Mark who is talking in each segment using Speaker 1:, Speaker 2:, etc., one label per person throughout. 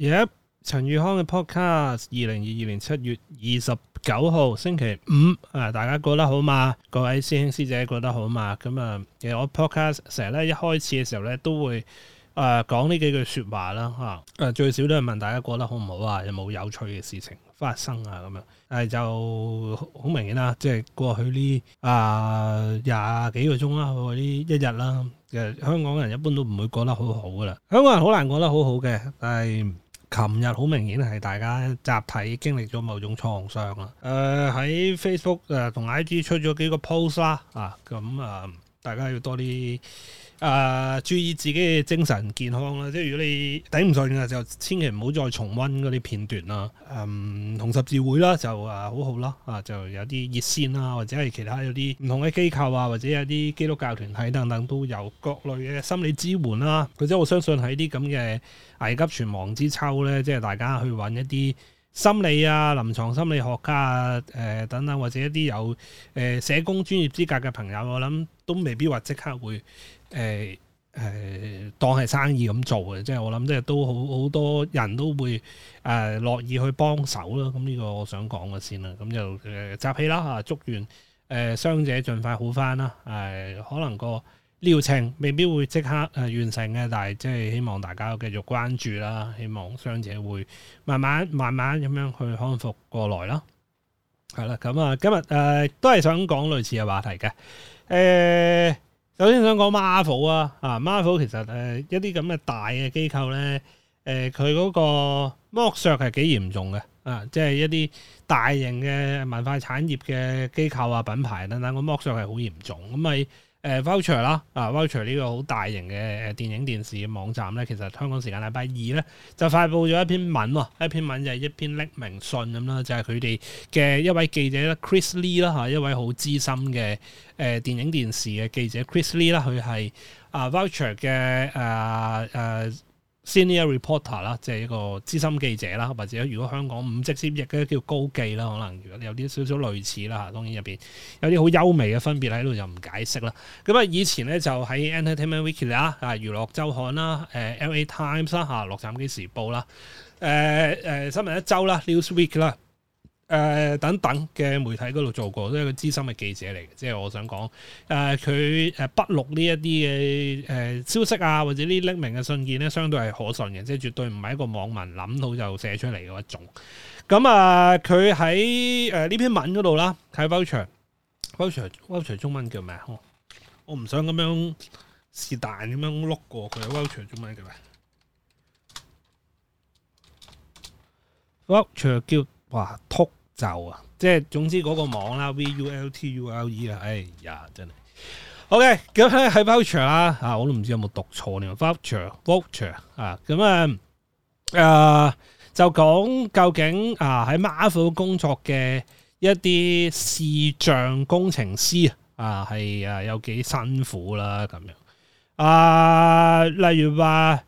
Speaker 1: 而家陳宇康嘅 podcast，二零二二年七月二十九號星期五，啊，大家過得好嘛？各位師兄師姐過得好嘛？咁啊，其實我 podcast 成日咧一開始嘅時候咧，都會誒講呢幾句說話啦，吓、啊、誒最少都係問大家過得好唔好啊？有冇有，有趣嘅事情發生啊？咁樣誒就好明顯啦，即、就、係、是、過去呢啊廿幾個鐘啦，呢一日啦，其實香港人一般都唔會過得好好噶啦，香港人難覺好難過得好好嘅，但係。琴日好明顯係大家集體經歷咗某種創傷啊！誒喺，呃、Facebook 誒、呃、同 IG 出咗幾個 post 啦，啊，咁啊、呃，大家要多啲。啊、呃！注意自己嘅精神健康啦，即係如果你頂唔順嘅就千祈唔好再重溫嗰啲片段啦。嗯，紅十字會啦就啊好好啦，啊就有啲熱線啦或者係其他有啲唔同嘅機構啊或者有啲基督教團體等等都有各類嘅心理支援啦。佢即係我相信喺啲咁嘅危急存亡之秋咧，即係大家去揾一啲心理啊、臨床心理學家啊、誒、呃、等等或者一啲有誒、呃、社工專業資格嘅朋友，我諗都未必話即刻會。誒誒、欸欸，當係生意咁做嘅，即係我諗，即係都好好多人都會誒呃、樂意去幫手啦。咁呢個我想講嘅先啦。咁就誒、呃、集氣啦吓，祝願誒傷者盡快好返啦。誒、呃，可能個療程未必會即刻誒完成嘅，但係即係希望大家繼續關注啦。希望傷者會慢慢慢慢咁樣去康復過來啦。係啦，咁啊，嗯嗯、今日誒、呃、都係想講類似嘅話題嘅，誒、呃。首先想講 Marvel 啊，啊 Marvel 其實誒一啲咁嘅大嘅機構咧，誒佢嗰個剝削係幾嚴重嘅啊！即係一啲大型嘅文化產業嘅機構啊、品牌等等，個剝削係好嚴重，咁咪。誒 Vulture 啦，啊 Vulture 呢個好大型嘅誒電影電視嘅網站咧，其實香港時間禮拜二咧就發布咗一篇文喎，一篇文就係一篇匿名信咁啦，就係佢哋嘅一位記者咧，Chris Lee 啦嚇，一位好資深嘅誒電影電視嘅記者 Chris Lee 啦、er，佢係啊 Vulture 嘅誒誒。呃 Senior reporter 啦，即係一個資深記者啦，或者如果香港五級兼職咧叫高記啦，可能如果你有啲少少類似啦嚇，當然入邊有啲好優美嘅分別喺度，就唔解釋啦。咁啊，以前咧就喺 Entertainment Weekly 啦，啊娛樂周刊啦，誒 LA Times 啦嚇洛杉磯時報啦，誒誒新聞一周啦 Newsweek 啦。News week, 誒、呃、等等嘅媒體嗰度做過，都係個資深嘅記者嚟嘅，即係我想講誒佢誒筆錄呢一啲嘅誒消息啊，或者呢匿名嘅信件呢，相對係可信嘅，即係絕對唔係一個網民諗到就寫出嚟嗰一種。咁、嗯、啊，佢喺誒呢篇文嗰度啦，睇 Vulture，Vulture，Vulture 中文叫咩啊、哦？我唔想咁樣，樣是但咁樣碌過佢 Vulture 中文叫咩 Vulture 叫。哇！禿鷲啊，即係總之嗰個網啦，V U L T U L E 啊，哎呀，真係。O K，咁咧喺 Vulture 啊，我都唔知有冇讀錯添 Vulture，Vulture 啊，咁啊，誒，就講究竟啊喺 Marvel 工作嘅一啲視像工程師啊係啊有幾辛苦啦，咁樣啊，例如話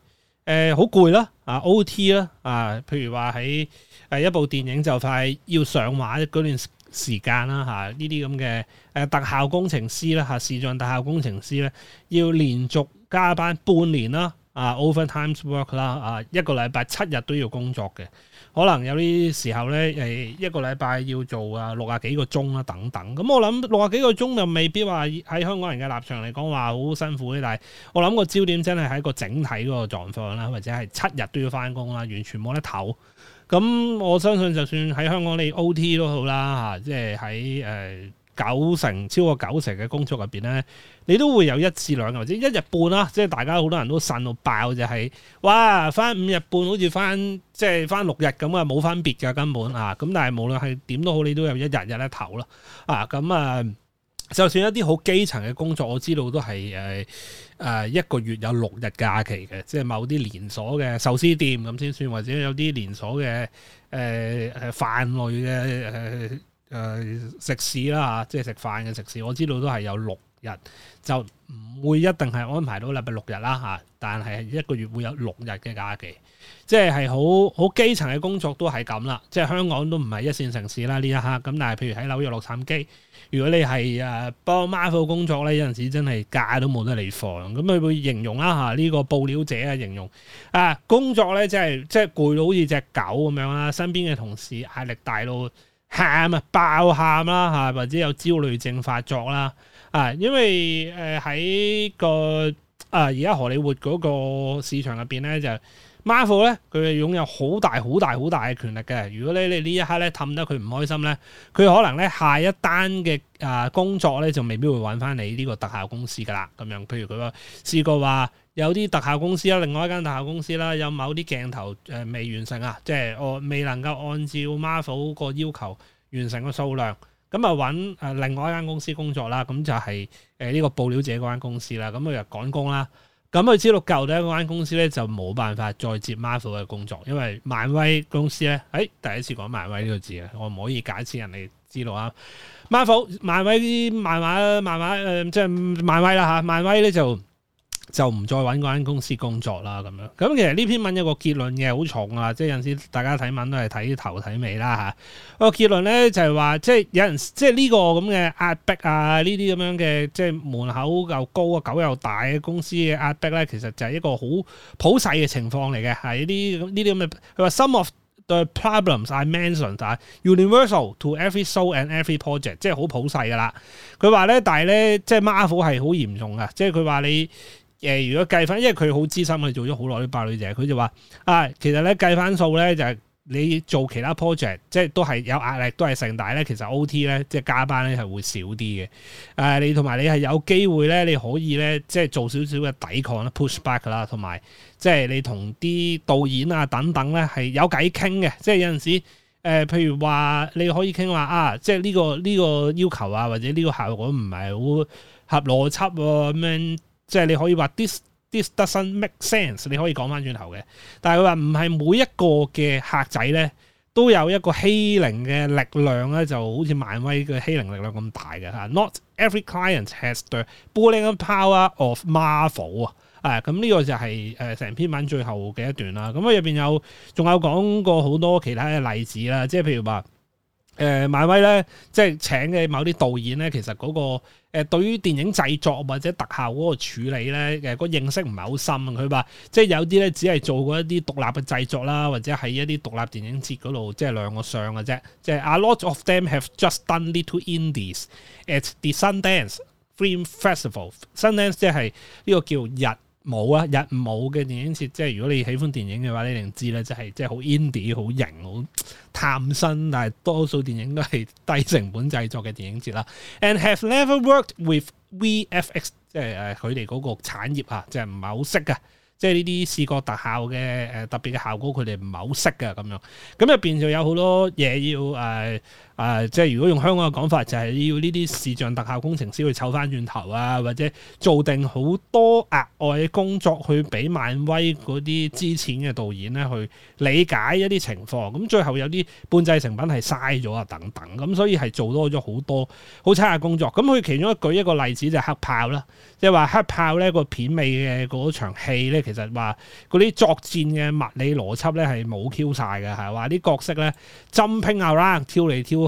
Speaker 1: 誒好攰啦。啊啊 OT 啦，啊，譬如話喺誒一部電影就快要上畫嗰段時間啦，吓呢啲咁嘅誒特效工程師啦，吓、啊、視像特效工程師咧、啊，要連續加班半年啦，啊 overtime work 啦、啊，啊一個禮拜七日都要工作嘅。可能有啲時候咧，誒一個禮拜要做啊六啊幾個鐘啦等等，咁我諗六十幾個鐘就未必話喺香港人嘅立場嚟講話好辛苦嘅，但係我諗個焦點真係喺個整體個狀況啦，或者係七日都要翻工啦，完全冇得唞。咁我相信就算喺香港你 OT 都好啦，嚇，即係喺誒。呃九成超過九成嘅工作入邊呢，你都會有一至兩日或者一日半啦，啊。即係大家好多人都呻到爆，就是，就係哇返五日半好似返即係返六日咁啊。冇分別噶根本啊。咁但係無論係點都好，你都有一日日一頭咯啊。咁啊，啊，就算一啲好基層嘅工作，我知道都係誒誒一個月有六日假期嘅，即係某啲連鎖嘅壽司店咁先算，或者有啲連鎖嘅誒誒飯類嘅誒、呃、食肆啦嚇，即係食飯嘅食肆。我知道都係有六日，就唔會一定係安排到禮拜六日啦嚇。但係一個月會有六日嘅假期，即係係好好基層嘅工作都係咁啦。即係香港都唔係一線城市啦，呢一刻咁，但係譬如喺紐約、洛杉磯，如果你係誒、啊、幫 Marvel 工作呢，有陣時候真係假都冇得你放。咁佢會形容啦嚇，呢、啊這個報料者啊形容啊工作呢，即係即係攰到好似隻狗咁樣啦，身邊嘅同事壓力大到～喊啊，爆喊啦吓，或者有焦慮症發作啦啊，因為誒喺、呃、個啊而家荷里活嗰個市場入邊咧就，Marvel 咧佢係擁有好大好大好大嘅權力嘅。如果咧你呢一刻咧氹得佢唔開心咧，佢可能咧下一單嘅啊工作咧就未必會揾翻你呢個特效公司噶啦。咁樣，譬如佢個試過話。有啲特效公司啦，另外一間特效公司啦，有某啲鏡頭誒、呃、未完成啊，即係我未能夠按照 Marvel 個要求完成個數量，咁啊揾誒另外一間公司工作啦，咁就係誒呢個報料者嗰間公司啦，咁佢就趕工啦，咁佢知道舊底嗰間公司咧就冇辦法再接 Marvel 嘅工作，因為漫威公司咧，誒、哎、第一次講漫威呢個字啊，我唔可以解釋人哋知道啊，Marvel 漫威啲漫畫漫畫誒即係漫威啦嚇，漫威咧、呃、就。就唔再揾嗰間公司工作啦，咁樣。咁其實呢篇文有個結論嘅，好重啊！即係有陣時大家睇文都係睇頭睇尾啦嚇。個結論咧就係話，即係有人即係呢個咁嘅壓迫啊，呢啲咁樣嘅即係門口又高啊，狗又大嘅公司嘅壓迫咧，其實就係一個好普世嘅情況嚟嘅，係啲呢啲咁嘅。佢話 some of the problems I mentioned are universal to every soul and every project，即係好普世噶啦。佢話咧，但係咧，即係 Marvel 係好嚴重嘅，即係佢話你。誒、呃，如果計翻，因為佢好資深啊，佢做咗好耐啲八女仔，佢就話啊，其實咧計翻數咧，就係、是、你做其他 project，即係都係有壓力，都係盛大咧。其實 OT 咧，即係加班咧，係會少啲嘅。誒、啊，你同埋你係有機會咧，你可以咧，即係做少少嘅抵抗啦，push back 噶、啊、啦，同埋即係你同啲導演啊等等咧，係有偈傾嘅。即係有陣時誒、呃，譬如話你可以傾話啊，即係呢、這個呢、這個要求啊，或者呢個效果唔係好合邏輯咁、啊、樣。即係你可以話 this this doesn't make sense，你可以講翻轉頭嘅。但係佢話唔係每一個嘅客仔咧，都有一個欺凌嘅力量咧，就好似漫威嘅欺凌力量咁大嘅嚇。Not every client has the bullying power of Marvel 啊。咁、嗯、呢、這個就係、是、成、呃、篇文最後嘅一段啦。咁佢入面有仲有講過好多其他嘅例子啦，即係譬如話。誒漫、呃、威咧，即係請嘅某啲導演咧，其實嗰、那個誒、呃、對於電影製作或者特效嗰個處理咧嘅、那個認識唔係好深。佢話即係有啲咧只係做過一啲獨立嘅製作啦，或者喺一啲獨立電影節嗰度即係兩個相嘅啫。即係 A lot of them have just done little Indies at the Sundance Film Festival。Sundance 即係呢個叫日。冇啊，日冇嘅電影節，即係如果你喜歡電影嘅話，你定知咧就係即係好 indie、好型、好探新，但係多數電影都係低成本製作嘅電影節啦。And have never worked with VFX，即係誒佢哋嗰個產業啊，即係唔係好識啊。即係呢啲視覺特效嘅誒特別嘅效果，佢哋唔係好識嘅咁樣。咁入邊就有好多嘢要、呃啊、呃，即係如果用香港嘅講法，就係、是、要呢啲視像特效工程師去湊翻轉頭啊，或者做定好多額外嘅工作去俾漫威嗰啲之前嘅導演咧去理解一啲情況，咁最後有啲半製成品係嘥咗啊等等，咁所以係做多咗好多好差嘅工作。咁佢其中一舉一個例子就係黑豹啦，即係話黑豹咧個片尾嘅嗰戲戲咧，其實話嗰啲作戰嘅物理邏輯咧係冇 Q 晒嘅，係話啲角色咧針拼啊啦，跳嚟跳來。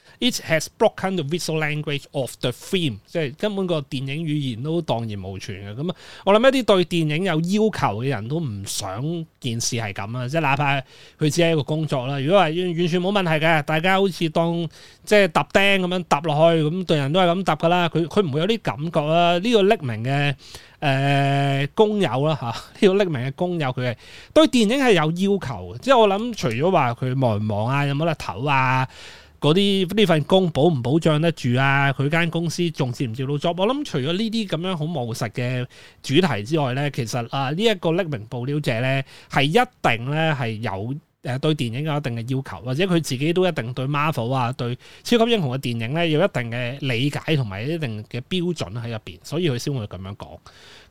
Speaker 1: It has broken the visual language of the film, 即係根本個電影語言都蕩然無存嘅。咁啊，我諗一啲對電影有要求嘅人都唔想件事係咁啊！即係哪怕佢只係一個工作啦，如果話完全冇問題嘅，大家好似當即係揼釘咁樣揼落去，咁對人都係咁揼㗎啦。佢佢唔會有啲感覺啦。呢、這個匿名嘅誒、呃、工友啦嚇，呢、啊這個匿名嘅工友佢係對電影係有要求嘅。即係我諗除咗話佢忙唔忙啊，有冇得唞啊？嗰啲呢份工保唔保障得住啊？佢間公司仲接唔接到作？我諗除咗呢啲咁樣好務實嘅主題之外呢，其實啊呢一個匿名爆料者呢，係一定呢係有誒、呃、對電影有一定嘅要求，或者佢自己都一定對 Marvel 啊、對超級英雄嘅電影呢有一定嘅理解同埋一定嘅標準喺入面。所以佢先會咁樣講。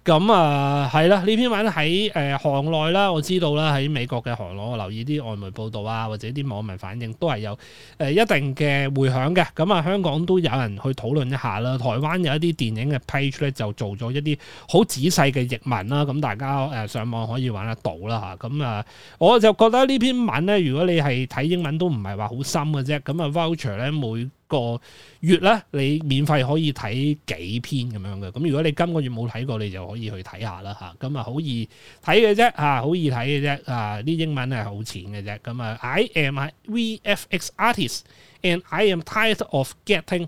Speaker 1: 咁啊，係啦、嗯，呢篇文喺誒、呃、行內啦，我知道啦，喺美國嘅行內，我留意啲外媒報道啊，或者啲網民反應都係有、呃、一定嘅回響嘅。咁、嗯、啊，香港都有人去討論一下啦。台灣有一啲電影嘅 page 咧，就做咗一啲好仔細嘅譯文啦。咁、嗯、大家上網可以揾得到啦嚇。咁、嗯、啊，我就覺得呢篇文咧，如果你係睇英文都唔係話好深嘅啫。咁啊 Vulture 呢，咧每個月咧，你免費可以睇幾篇咁樣嘅。咁如果你今個月冇睇過，你就可以去睇下啦嚇。咁啊，好易睇嘅啫嚇，好易睇嘅啫。啊，啲英文係好淺嘅啫。咁啊，I am a VFX artist and I am tired of getting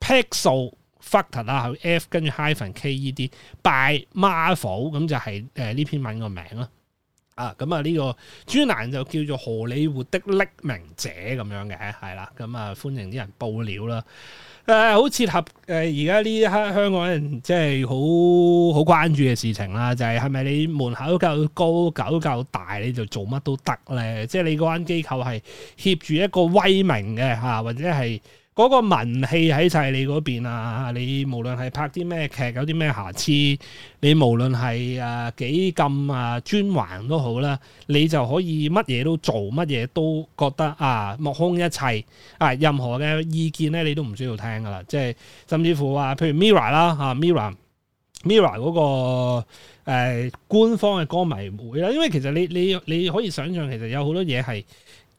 Speaker 1: pixel fucked 啦。F 跟住 hyphen K E D by Marvel 咁就係呢篇文個名啦。啊，咁啊呢個專欄就叫做《荷里活的匿名者》咁樣嘅，係啦，咁、嗯、啊歡迎啲人報料啦。好、呃、切合而家呢一刻香港人即係好好關注嘅事情啦，就係係咪你門口夠高，狗夠大，你就做乜都得咧？即係你嗰間機構係挾住一個威名嘅、啊、或者係。嗰個文氣喺晒你嗰邊啊！你無論係拍啲咩劇，有啲咩瑕疵，你無論係誒幾咁啊，啊專橫都好啦，你就可以乜嘢都做，乜嘢都覺得啊目空一切啊！任何嘅意見咧，你都唔需要聽噶啦，即係甚至乎話，譬如 MIRROR 啦，嚇，MIRROR，MIRROR 嗰個誒官方嘅歌迷會啦，因為其實你你你可以想象，其實有好多嘢係。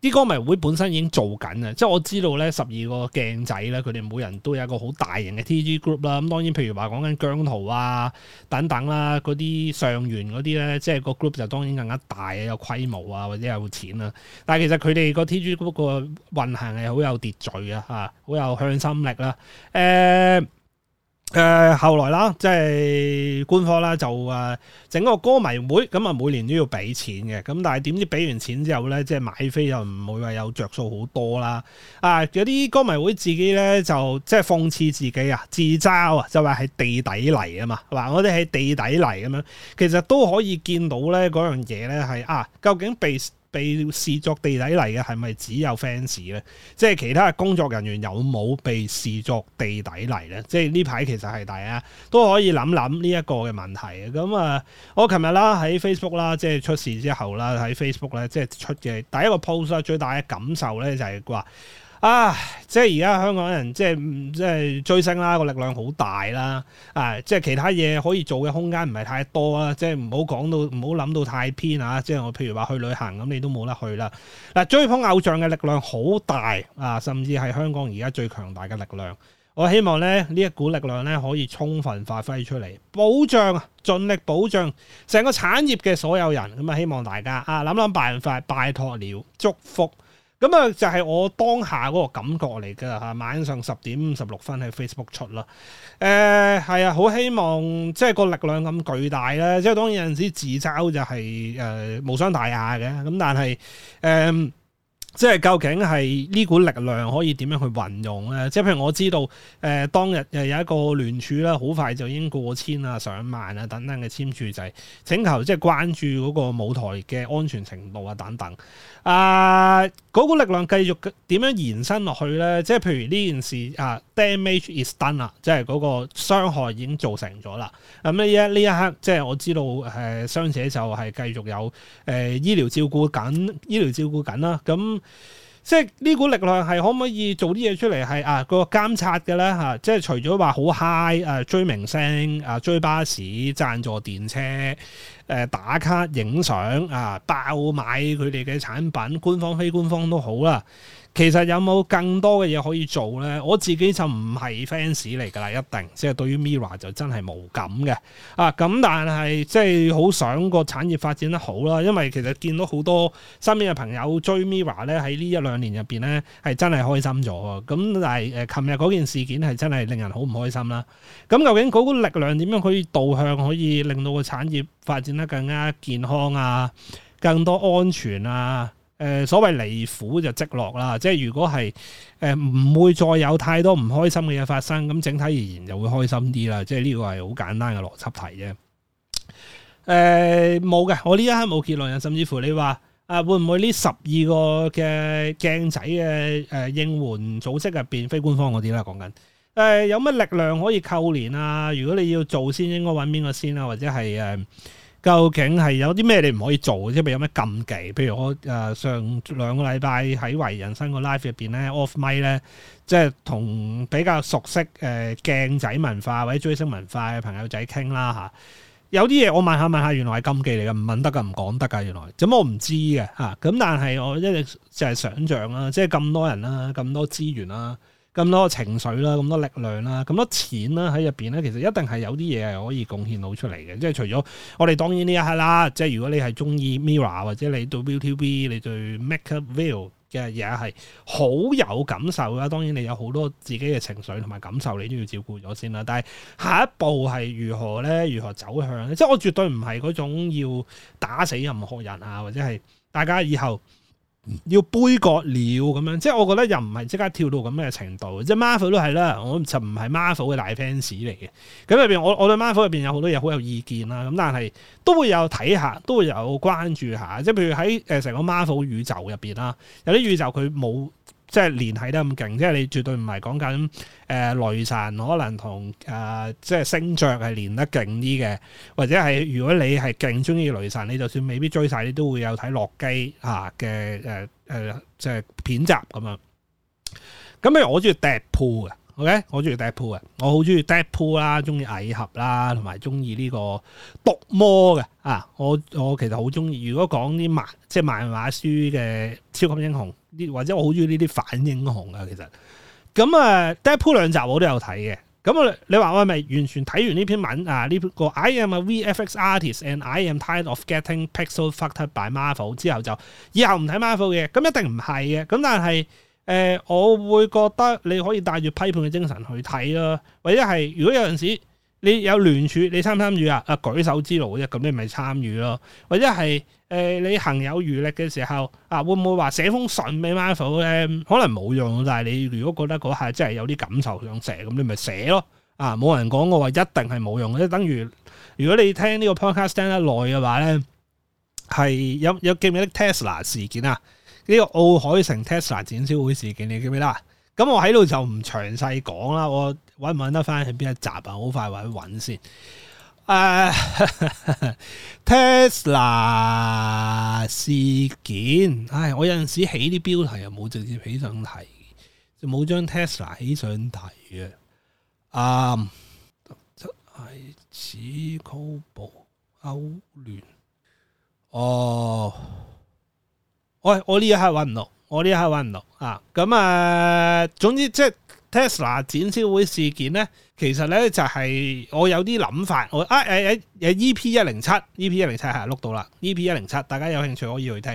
Speaker 1: 啲歌迷會本身已經做緊啦，即係我知道呢十二個鏡仔呢，佢哋每人都有一個好大型嘅 TG group 啦。咁當然，譬如話講緊姜濤啊等等啦，嗰啲上元嗰啲呢，即係個 group 就當然更加大啊，有規模啊，或者有錢啊。但係其實佢哋個 TG group 個運行係好有秩序啊，嚇，好有向心力啦、啊。欸誒、呃，後來啦，即係官方啦，就誒整個歌迷會咁啊，每年都要俾錢嘅，咁但係點知俾完錢之後咧，即係買飛又唔會話有着數好多啦。啊，有啲歌迷會自己咧就即係諷刺自己啊，自嘲啊，就話喺地底嚟啊嘛，嗱，我哋喺地底嚟咁樣，其實都可以見到咧嗰樣嘢，咧係啊，究竟被。被視作地底嚟嘅係咪只有 fans 咧？即係其他嘅工作人員有冇被視作地底嚟呢？即係呢排其實係大家都可以諗諗呢一個嘅問題。咁、嗯、啊，我琴日啦喺 Facebook 啦，即係出事之後啦，喺 Facebook 咧即係出嘅第一個 post 啦，最大嘅感受呢就係、是、話。啊！即係而家香港人，即係即係追星啦，個力量好大啦。啊！即係其他嘢可以做嘅空間唔係太多啦，即係唔好講到，唔好諗到太偏啊。即係我譬如話去旅行咁，你都冇得去啦。嗱、啊，追捧偶像嘅力量好大啊，甚至係香港而家最強大嘅力量。我希望咧呢這一股力量咧可以充分發揮出嚟，保障盡力保障成個產業嘅所有人。咁啊，希望大家啊諗諗辦法，拜託了，祝福。咁啊，就係我當下嗰個感覺嚟噶吓，晚上十點五十六分喺 Facebook 出啦。誒、呃，係啊，好希望即係、就是、個力量咁巨大啦。即、就、係、是、當然有陣時自嘲就係、是、誒、呃、無傷大雅嘅，咁但係誒。呃即係究竟係呢股力量可以點樣去運用咧？即係譬如我知道，誒、呃、當日有一個聯署啦，好快就已經過、過千啊、上萬啊等等嘅簽署就係請求，即係關注嗰個舞台嘅安全程度啊等等。啊、呃，嗰股力量繼續點樣延伸落去咧？即係譬如呢件事啊，damage is done 啦，即係嗰個傷害已經造成咗啦。咁呢一呢一刻，即係我知道誒、呃、傷者就係繼續有誒、呃、醫療照顧緊、醫療照顧緊啦。咁、嗯即係呢股力量係可唔可以做啲嘢出嚟？係啊，個監察嘅呢，吓、啊，即係除咗話好 high、啊、追明星啊，追巴士贊助電車。誒打卡、影相啊、爆買佢哋嘅產品，官方、非官方都好啦。其實有冇更多嘅嘢可以做咧？我自己就唔係 fans 嚟㗎啦，一定。即係對於 Mira 就真係冇感嘅啊。咁但係即係好想個產業發展得好啦，因為其實見到好多身邊嘅朋友追 Mira 咧，喺呢一兩年入邊咧係真係開心咗啊。咁但係誒，琴日嗰件事件係真係令人好唔開心啦。咁究竟嗰股力量點樣可以導向，可以令到個產業發展？更加健康啊，更多安全啊，誒、呃，所謂離苦就積落啦，即係如果係誒唔會再有太多唔開心嘅嘢發生，咁整體而言就會開心啲啦，即係呢個係好簡單嘅邏輯題啫。誒、呃，冇嘅，我呢一刻冇結論啊，甚至乎你話啊、呃，會唔會呢十二個嘅鏡仔嘅誒、呃、應援組織入邊非官方嗰啲咧？講緊誒，有乜力量可以扣連啊？如果你要做先，應該揾邊個先啊？或者係誒？呃究竟係有啲咩你唔可以做？即係有咩禁忌？譬如我上兩個禮拜喺維人生個 life 入面咧，off mic 咧，即係同比較熟悉鏡仔文化或者追星文化嘅朋友仔傾啦吓，有啲嘢我問下問下，原來係禁忌嚟嘅，唔問得噶，唔講得噶。原來，咁我唔知嘅吓。咁但係我一直就係想象啦，即係咁多人啦，咁多資源啦。咁多情緒啦，咁多力量啦，咁多錢啦，喺入面咧，其實一定係有啲嘢係可以貢獻到出嚟嘅。即係除咗我哋當然呢一刻啦，即係如果你係中意 Mirror 或者你對 ViuTV 你對 MakerVille 嘅嘢係好有感受啦。當然你有好多自己嘅情緒同埋感受，你都要照顧咗先啦。但係下一步係如何咧？如何走向咧？即係我絕對唔係嗰種要打死任何人啊，或者係大家以後，要杯葛了咁樣，即係我覺得又唔係即刻跳到咁嘅程度，即係 Marvel 都係啦，我就唔係 Marvel 嘅大 fans 嚟嘅。咁入邊我我對 Marvel 入邊有好多嘢好有意見啦，咁但係都會有睇下，都會有關注下，即係譬如喺誒成個 Marvel 宇宙入邊啦，有啲宇宙佢冇。即係聯繫得咁勁，即係你絕對唔係講緊誒雷神，可能同誒、呃、即係星爵係連得勁啲嘅，或者係如果你係勁中意雷神，你就算未必追晒，你都會有睇洛基吓嘅誒誒即係片集咁啊！咁誒，我中意 Deadpool 嘅。OK，我中意 Deadpool 嘅，我好中意 Deadpool 啦，中意蟻俠啦，同埋中意呢個毒魔嘅啊！我我其實好中意，如果講啲漫即係漫畫書嘅超級英雄，呢或者我好中意呢啲反英雄啊！其實咁啊、嗯、，Deadpool 兩集我都有睇嘅。咁、嗯、我你話我係咪完全睇完呢篇文啊？呢、這個 I am a VFX artist and I am tired of getting pixel fucked up by Marvel 之後就以後唔睇 Marvel 嘅，咁一定唔係嘅。咁但係。誒、呃，我會覺得你可以帶住批判嘅精神去睇咯，或者係如果有陣時你有聯署，你參唔參與啊？啊，舉手之勞啫，咁你咪參與咯。或者係誒、呃，你行有餘力嘅時候啊，會唔會話寫封信俾 Marvel 咧？可能冇用，但係你如果覺得嗰下真係有啲感受想寫，咁你咪寫咯啊。啊，冇人講我話一定係冇用，即係等於如果你聽呢個 podcast 聽得耐嘅話咧，係有有記唔記得 Tesla 事件啊？呢個奧海城 Tesla 展銷會事件你記唔記得？咁我喺度就唔詳細講啦。我搵唔搵得翻去邊一集啊？好快搵一搵先。誒、uh，Tesla 事件，唉，我有陣時起啲標題又冇直接起上題，就冇將 Tesla 起上題嘅。嗯，係指高保歐聯哦。喂、哎，我呢一刻揾唔到，我呢一刻揾唔到啊！咁啊，總之即係 Tesla 展銷會事件咧，其實咧就係我有啲諗法。我啊誒誒誒 EP 一零七，EP 一零七係錄到啦。EP 一零七，大家有興趣可以去聽。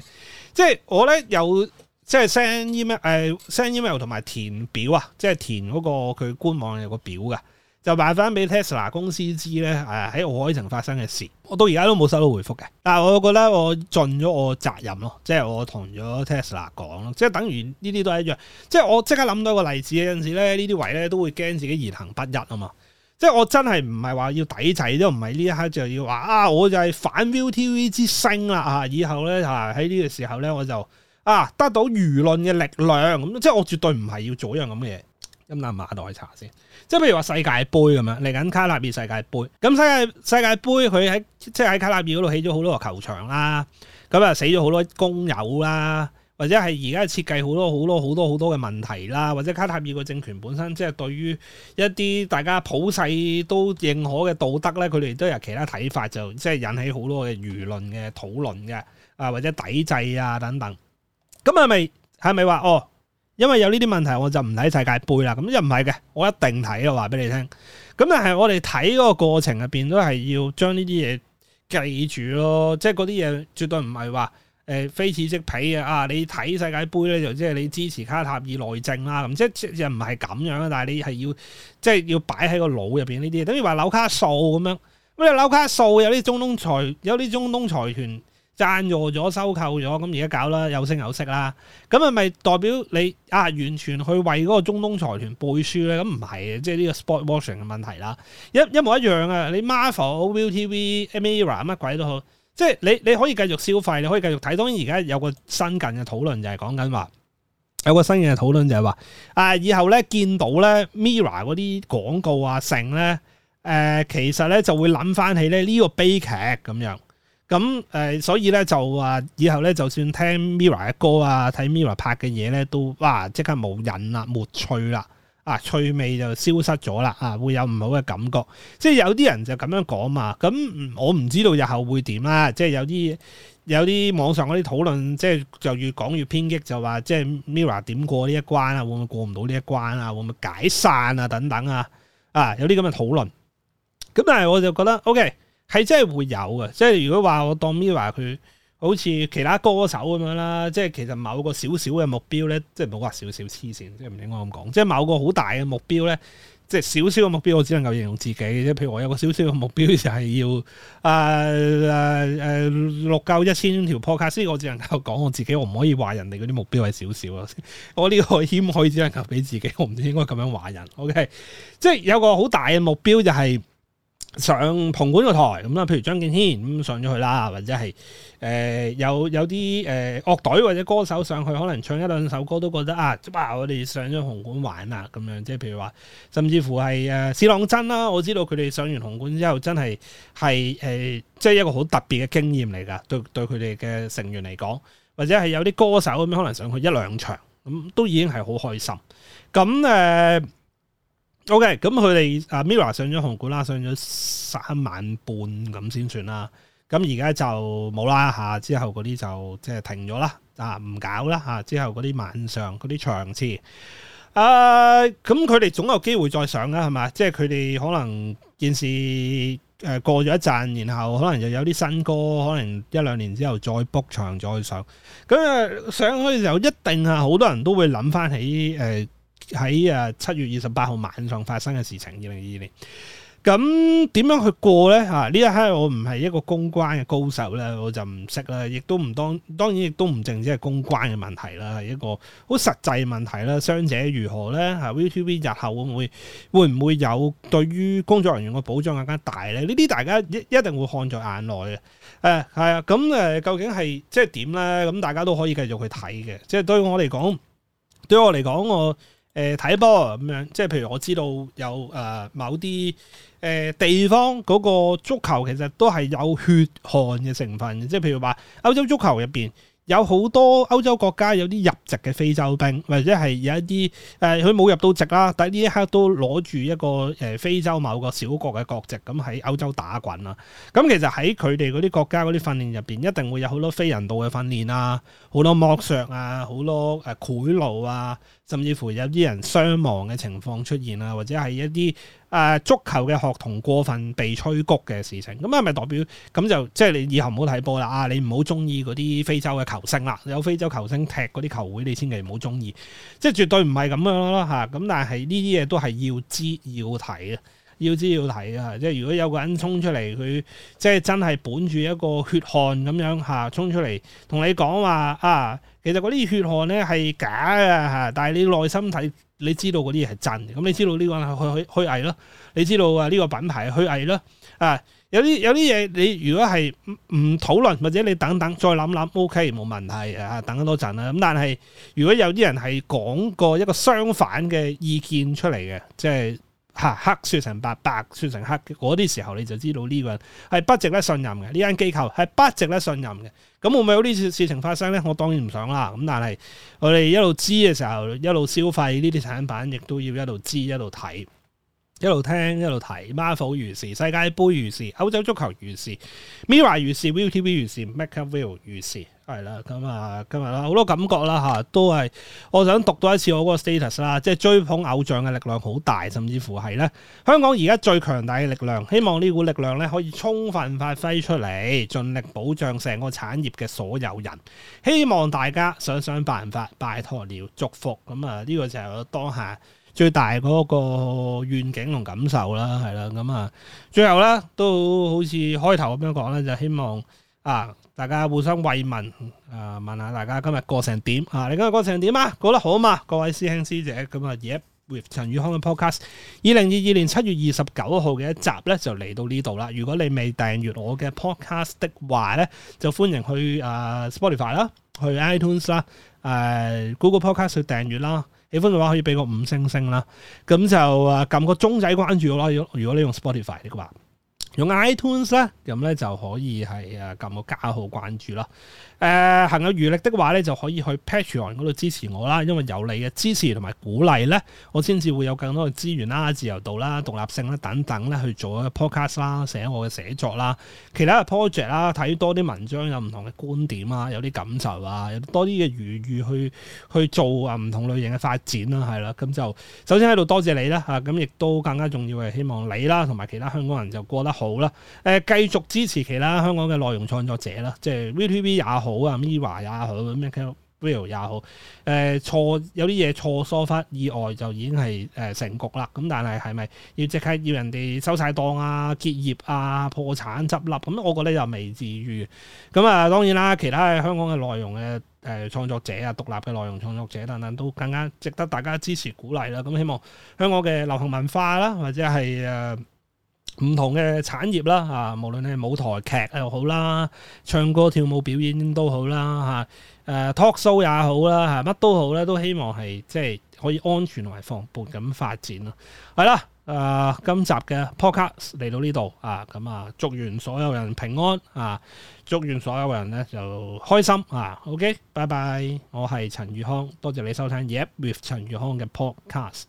Speaker 1: 即、就、係、是、我咧有即係、就、send、是、email 誒、啊、send email 同埋填表啊，即、就、係、是、填嗰、那個佢官網有個表㗎。就話翻俾 Tesla 公司知咧，喺奧海城發生嘅事，我到而家都冇收到回覆嘅。但係我覺得我盡咗我責任咯，就是，即係我同咗 Tesla 講咯，即係等於呢啲都一樣。即係我即刻諗到個個例子，有陣時咧，呢啲位咧都會驚自己言行不一啊嘛。即係我真係唔係話要抵制，都唔係呢一刻就要話啊！我就係反 ViuTV 之星啦，以後咧，喺呢個時候咧，我就啊得到輿論嘅力量咁，即係我絕對唔係要做一樣咁嘅嘢。咁啦，馬代查先，即係譬如話世界盃咁樣嚟緊卡塔爾世界盃，咁世界世界盃佢喺即係喺卡塔爾嗰度起咗好多個球場啦，咁啊死咗好多工友啦，或者係而家設計好多好多好多好多嘅問題啦，或者卡塔爾個政權本身即係對於一啲大家普世都認可嘅道德咧，佢哋都有其他睇法，就即係引起好多嘅輿論嘅討論嘅，啊或者抵制啊等等，咁係咪係咪話哦？因為有呢啲問題，我就唔睇世界盃啦。咁又唔係嘅，我一定睇嘅，話俾你聽。咁但係我哋睇嗰個過程入邊都係要將呢啲嘢記住咯。即係嗰啲嘢絕對唔係話誒非此即彼嘅。啊，你睇世界盃咧就即、是、係你支持卡塔爾內政啦。咁即係又唔係咁樣啊？樣但係你係要即係、就是、要擺喺個腦入邊呢啲，等於話紐卡素咁樣。咁你紐卡素有啲中東財有啲中東財團。贊助咗、收購咗，咁而家搞有有啦，有聲有色啦，咁係咪代表你啊完全去為嗰個中東財團背書咧？咁唔係嘅，即係呢個 sportswashing 嘅問題啦。一一模一樣啊！你 Marvel、ViuTV、MIRROR 乜鬼都好，即係你你可以繼續消費，你可以繼續睇。當然而家有，有個新近嘅討論就係講緊話，有個新嘅討論就係話，啊以後咧見到咧 MIRROR 嗰啲廣告啊成咧、呃，其實咧就會諗翻起咧呢個悲劇咁樣。咁誒、嗯，所以咧就話以後咧，就算聽 MIRROR 嘅歌啊，睇 MIRROR 拍嘅嘢咧，都哇即刻冇癮啦，沒趣啦，啊趣味就消失咗啦，啊會有唔好嘅感覺。即係有啲人就咁樣講嘛。咁、嗯、我唔知道日後會點啦。即係有啲有啲網上嗰啲討論，即係就越講越偏激，就話即係 MIRROR 點過呢一關啊，會唔會過唔到呢一關啊，會唔會解散啊等等啊啊有啲咁嘅討論。咁但係我就覺得 OK。係真係會有嘅，即係如果話我當 Mirror 話佢好似其他歌手咁樣啦，即係其實某個少少嘅目標咧，即係唔好話少少黐線，即係唔應該咁講。即係某個好大嘅目標咧，即係少少嘅目標我只能夠形容自己即啫。譬如我有個少少嘅目標就係要誒誒錄夠一千條 podcast，呃呃呃、cast, 所以我只能夠講我自己，我唔可以話人哋嗰啲目標係少少啊。我呢個希望可以只能夠俾自己，我唔應該咁樣話人。OK，即係有個好大嘅目標就係、是。上紅館個台咁啦，譬如張敬軒咁上咗去啦，或者係誒、呃、有有啲誒、呃、樂隊或者歌手上去，可能唱一兩首歌都覺得啊，哇！我哋上咗紅館玩啊咁樣，即係譬如話，甚至乎係誒史朗珍啦，我知道佢哋上完紅館之後，真係係誒，即係、就是、一個好特別嘅經驗嚟㗎，對對佢哋嘅成員嚟講，或者係有啲歌手咁樣可能上去一兩場，咁都已經係好開心。咁誒。呃 O.K. 咁佢哋阿 Mira 上咗紅館啦，上咗三晚半咁先算啦。咁而家就冇啦吓，之後嗰啲就即係停咗啦，啊唔搞啦吓。之後嗰啲晚上嗰啲場次，誒、啊，咁佢哋總有機會再上啦，係嘛？即係佢哋可能件事誒過咗一陣，然後可能又有啲新歌，可能一兩年之後再 book 場再上。咁啊上去嘅時候，一定啊好多人都會諗翻起誒。呃喺啊七月二十八號晚上發生嘅事情，二零二二年，咁點樣去過呢？吓、啊、呢一刻我唔係一個公關嘅高手呢我就唔識啦，亦都唔當當然亦都唔淨止係公關嘅問題啦，係一個好實際問題啦。傷者如何呢吓 VTV 日後會唔會會唔會有對於工作人員嘅保障更加大呢？呢啲大家一一定會看在眼內嘅。誒，係啊，咁誒、啊啊，究竟係即係點呢？咁大家都可以繼續去睇嘅。即、就、係、是、對我嚟講，對我嚟講，我。誒睇波咁樣，即係譬如我知道有誒某啲誒地方嗰個足球其實都係有血汗嘅成分，即係譬如話歐洲足球入邊。有好多歐洲國家有啲入籍嘅非洲兵，或者係有一啲誒，佢、呃、冇入到籍啦，但係呢一刻都攞住一個誒非洲某個小國嘅國籍，咁喺歐洲打滾啦。咁、嗯、其實喺佢哋嗰啲國家嗰啲訓練入邊，一定會有好多非人道嘅訓練啊，好多剝削啊，好多誒賄賂啊，甚至乎有啲人傷亡嘅情況出現啊，或者係一啲。誒足球嘅學童過分被催谷嘅事情，咁係咪代表咁就即係你以後唔好睇波啦？啊，你唔好中意嗰啲非洲嘅球星啦，有非洲球星踢嗰啲球會，你千祈唔好中意，即係絕對唔係咁樣咯吓。咁但係呢啲嘢都係要知要睇啊。要知要睇啊！即係如果有個人衝出嚟，佢即係真係本住一個血汗咁樣吓，衝、啊、出嚟同你講話啊，其實嗰啲血汗咧係假嘅吓，啊，但係你內心睇，你知道嗰啲嘢係真嘅，咁你知道呢個人係虛虛虛偽咯，你知道啊呢個品牌係虛偽咯啊！有啲有啲嘢，你如果係唔討論或者你等等再諗諗，OK 冇問題啊，等多陣啊。咁但係如果有啲人係講過一個相反嘅意見出嚟嘅，即係。吓、啊、黑說成白，白說成黑。嗰啲時候你就知道呢個人係不值得信任嘅，呢間機構係不值得信任嘅。咁會唔會有呢次事情發生呢？我當然唔想啦。咁但係我哋一路知嘅時候，一路消費呢啲產品，亦都要一路知，一路睇，一路聽，一路睇。Marvel 如是，世界杯如是，歐洲足球如是，Mirror 如是，ViuTV 如是，MakerVille 如是。係啦，咁啊、嗯，今日啦，好、嗯嗯、多感覺啦吓、啊，都係我想讀多一次我嗰個 status 啦，即係追捧偶像嘅力量好大，甚至乎係咧，香港而家最強大嘅力量，希望呢股力量咧可以充分發揮出嚟，盡力保障成個產業嘅所有人，希望大家想想辦法，拜託了，祝福，咁、嗯、啊，呢、嗯這個就係我當下最大嗰個願景同感受啦，係、嗯、啦，咁、嗯、啊、嗯嗯，最後咧都好似開頭咁樣講咧，就希望啊。大家互相慰問，啊、呃、問下大家今日過成點、啊、你今日過成點啊？過得好啊嘛，各位師兄師姐。咁啊而家 with 陳宇康嘅 podcast，二零二二年七月二十九號嘅一集咧就嚟到呢度啦。如果你未訂閱我嘅 podcast 的話咧，就歡迎去、呃、Spotify 啦，去 iTunes 啦、呃、Google Podcast 去訂閱啦。喜歡嘅話可以俾個五星星啦。咁就啊撳個鐘仔關住我啦。如果你用 Spotify 的話，用 iTunes 咧，咁咧就可以係誒撳個加號關注啦。誒、呃，行有餘力的話咧，就可以去 Patreon 嗰度支持我啦。因為有你嘅支持同埋鼓勵咧，我先至會有更多嘅資源啦、自由度啦、獨立性啦等等咧，去做一個 podcast 啦、寫我嘅寫作啦、其他嘅 project 啦、睇多啲文章有唔同嘅觀點啊、有啲感受啊、有多啲嘅餘裕去去做啊唔同類型嘅發展啦，係啦。咁就首先喺度多謝你啦吓，咁亦都更加重要嘅，希望你啦同埋其他香港人就過得。好啦，誒繼續支持其他香港嘅內容創作者啦，即係 VTV 也好啊，Miwa 也好，Michael 也好，誒錯有啲嘢錯疏忽意外就已經係誒、呃、成局啦。咁但係係咪要即刻要人哋收晒檔啊、結業啊、破產執笠咁？我覺得又未至於。咁、嗯、啊、呃，當然啦，其他嘅香港嘅內容嘅誒、呃、創作者啊，獨立嘅內容創作者等等都更加值得大家支持鼓勵啦。咁、嗯、希望香港嘅流行文化啦，或者係誒。呃唔同嘅產業啦，啊，無論係舞台劇又好啦，唱歌跳舞表演都好啦，uh，talk show 也好啦，係乜都好咧，都希望係即係可以安全同埋蓬勃咁發展咯。係啦，呃，今集嘅 podcast 嚟到呢度啊，咁啊，祝願所有人平安啊，祝願所有人咧就開心啊。OK，拜拜，我係陳宇康，多謝你收聽 yep, with。Yep，with 陳宇康嘅 podcast。